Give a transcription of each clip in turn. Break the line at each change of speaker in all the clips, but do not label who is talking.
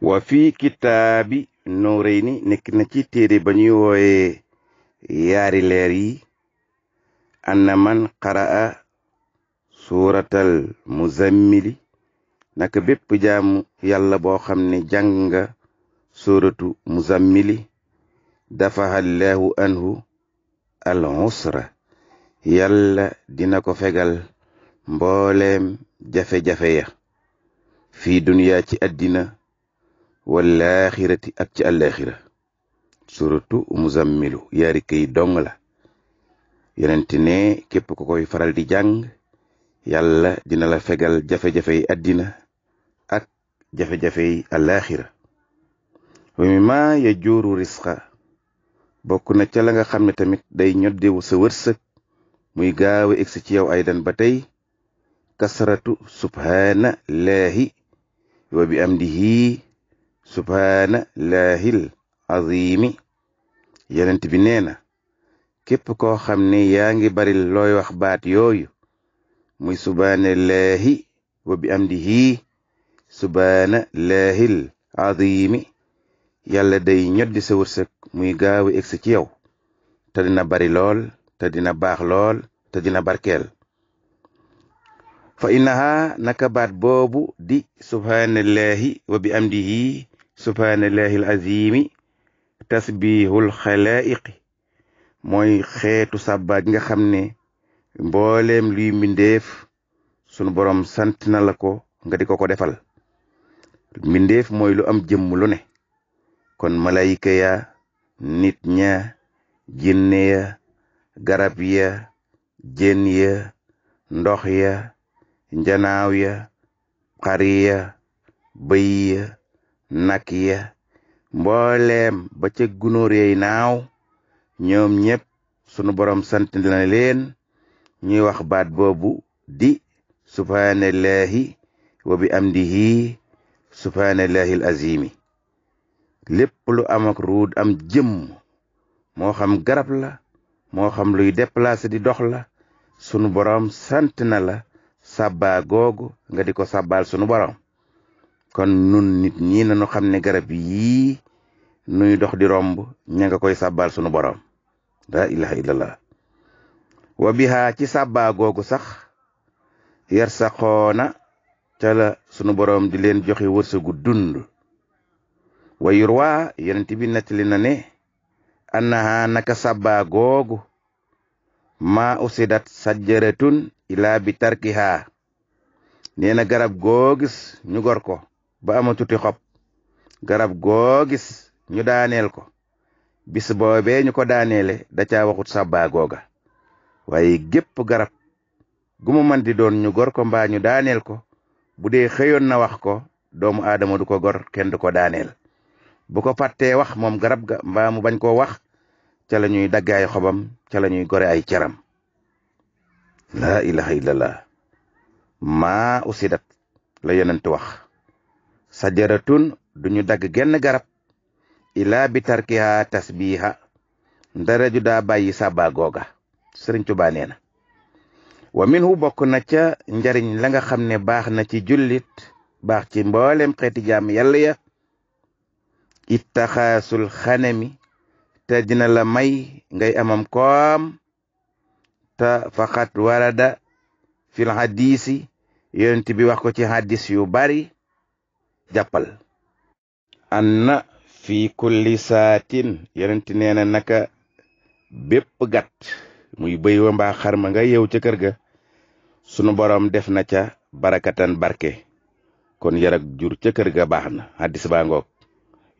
wa fi kitaabi Nuurayni nekk na ci téere ba ñuy wooyee yaari leer yi anna man qaraa suuratal muzammili naka bépp jaamu yàlla boo xam ne jàng nga suuratu muzammili dafaha llaahu anhu al usra yàlla dina ko fegal mboolem jafe-jafe fii duniya ci àddina wallaaxirati ak ci àllaaxira suratu muzammilu yaari këy dong la yonent képp ko koy faral di jàng yàlla dina la fegal jafe-jafey àddina ak jafe-jafey àllaaxira wa mimma yajuuru risqa bokk na ca la nga xam ne tamit day ñoddewu sa wërsëg muy gaawe egsi ci yow ay ba tey kasratu subhaana laahi wa bi amdihi subhaana laahil azimi yonent bi nee na képp koo xam ne yaa ngi bari looy wax baat yooyu muy subhaana laahi wa bi amdihi subhaana laahil azimi yàlla day ñoddi sa wërsëg muy gaawu egsi ci yow te dina bari lool te dina baax lool te dina barkeel fa innaha naka baat boobu di subhaanallaahi wa bi amdihi subhaanallahi al azimi tasbihul xalaiqi mooy xeetu sàbbaat nga xam ne mbooleem luy mbindeef sunu borom sant na la ko nga di ko ko defal mbindeef mooy lu am jëmm lu ne kon malayka ya nit ña jinne ya garab ya jën ya ndox ya njanaaw ya xar ya bëy ya nag ya mbooleem ba ca gunóor yey naaw ñoom ñépp sunu borom sant na leen ñuy wax baat boobu di subhaanallaahi wa bi am amdihi subhaanallaahi al mi lépp lu am ak ruud am jëmm moo xam garab la moo xam luy déplacé di dox la sunu borom sant na la sàbbaa googu nga di ko sàbbaal sunu borom kon nun nit ñi nañu xam ne garab yii nuy dox di romb ña nga koy sàbbaal sunu borom laa ilaha illallah wa bihaa ci sàbbaa googu sax yar saxoona ca la sunu boroom di leen joxe wërsëgu dund wa yurwaa yonent bi nettali na ne annaha naka sàbbaa googu maa usidat sajjaratun ilaa bi tarkihaa nee na garab goo ñu gor ko ba amo amatuti xob garab goo gis ñu daaneel ko bis boobee ñu ko daaneele da caa waxut sàbbaa googa waaye gépp garab gumu mu doon ñu gor ko mbaa ñu daaneel ko bu dee xëyoon na wax ko doomu aadama du ko gor kenn ko daaneel bu ko fàttee wax moom garab ga mbaa mu bañ koo wax ca la ñuy daggaay xobam ca la ñuy gore ay ceram laa ilaha illallah maa usidat la yonent wax sajaratun duñu dagg genn garab ilaa bi tarkiha tasbiha ndara ju daa bàyyi sàbba googa sëriñ Tuubaa nee na wa minhu bokk na ca njariñ la nga xam ne baax na ci jullit baax ci mboolem xeeti jaam yàlla ya ittaxaasul mi te dina la may ngay amam koom te faqat warada fil hadisi yonent bi wax ko ci hadis yu bari jàppal anna fii kulli saatin yenenti nee na naka bépp gàtt muy bëy wa mbaa xar ma nga yeew ca kër ga sunu boroom def na ca barakatan barke kon yar ak jur ca kër ga baax na hàddis baa ngoog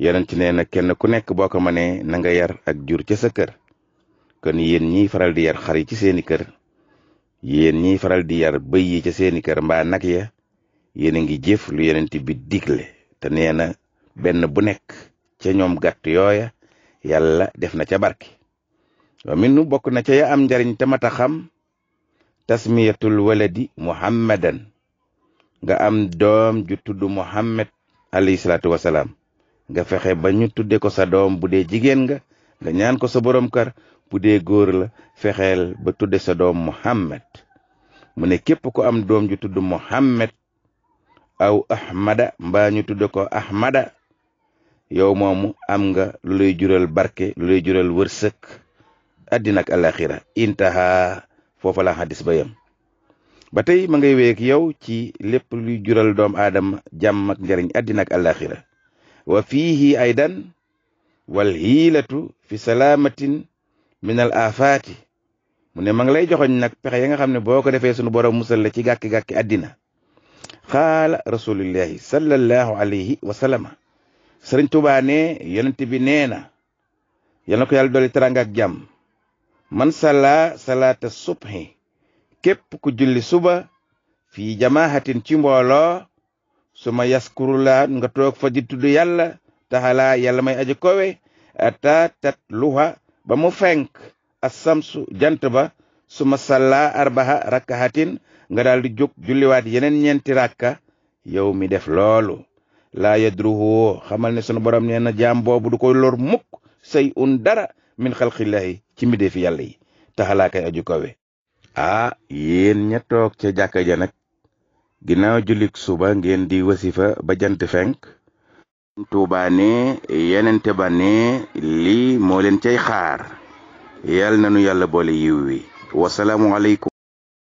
yenenti nee na kenn ku nekk boo ko mënee na nga yar ak jur ca sa kër kon yéen ñiy faral di yar xar yi ci seeni kër yéen ñiy faral di yar bëy yi ca seeni kër mbaa nag ya yéen a ngi jëf lu yenent bi digle te nee na benn bu nekk ca ñoom gàtt yooya yàlla def na ca barke wa nu bokk na ca ya am njariñ te mata xam tasmiyatul di muhammadan nga am doom ju tudd muhammad alayhi salaatu wasalaam nga fexe ba ñu tudde ko sa doom bu dee jigéen nga nga ñaan ko sa borom kër bu dee góor la fexeel ba tudd sa doom muhammad mu ne képp ku am doom ju tudd muhammad aw ahmada mbaa ñu tudde ko ahmada yow moomu am nga lu lay jural barke lu lay jural wërsëg àddina ak alaxira intaha foofa la xadis ba yem ba tey ma ngay wéy ak yow ci lépp luy jural doom aadama jàmm ak njariñ àddina wa alaxira wa fiihi aydan wal hiilatu fi salaamatin min al afaati mu ne ma ngi lay joxoñ nag pexe ya nga xam ne boo ko defee sunu borom musal la ci gàkki-gàkki àddina xaala rasulillahi sallallahu alayhi wa sëriñ tubaa ne yonent bi nee na yal na ko yàlla dolli man salla salaata subhi képp ku julli suba fii jamaahatin ci mbooloo su ma yaskurulaa nga toog fa di tudd yàlla taxalaa yàlla may aji kowe ata tat luha ba mu fenk asamsu jant ba suma salla arbaha rakkahatin nga daal di jóg julliwaat yeneen ñeenti rakka yow mi def loolu laa yadruhu xamal ne sunu borom nee na jaam boobu du koy lor mukk say un dara min xalqillahi ci mbindee fi yàlla yi taxalaakay aju kawe ah yéen ca jàkka ja nag ginnaaw jullik suba ngeen di wasifa ba jant fenk tuubaane yenente ba lii moo leen cay xaar na nu yàlla boole yiw wi wasalaamualeykum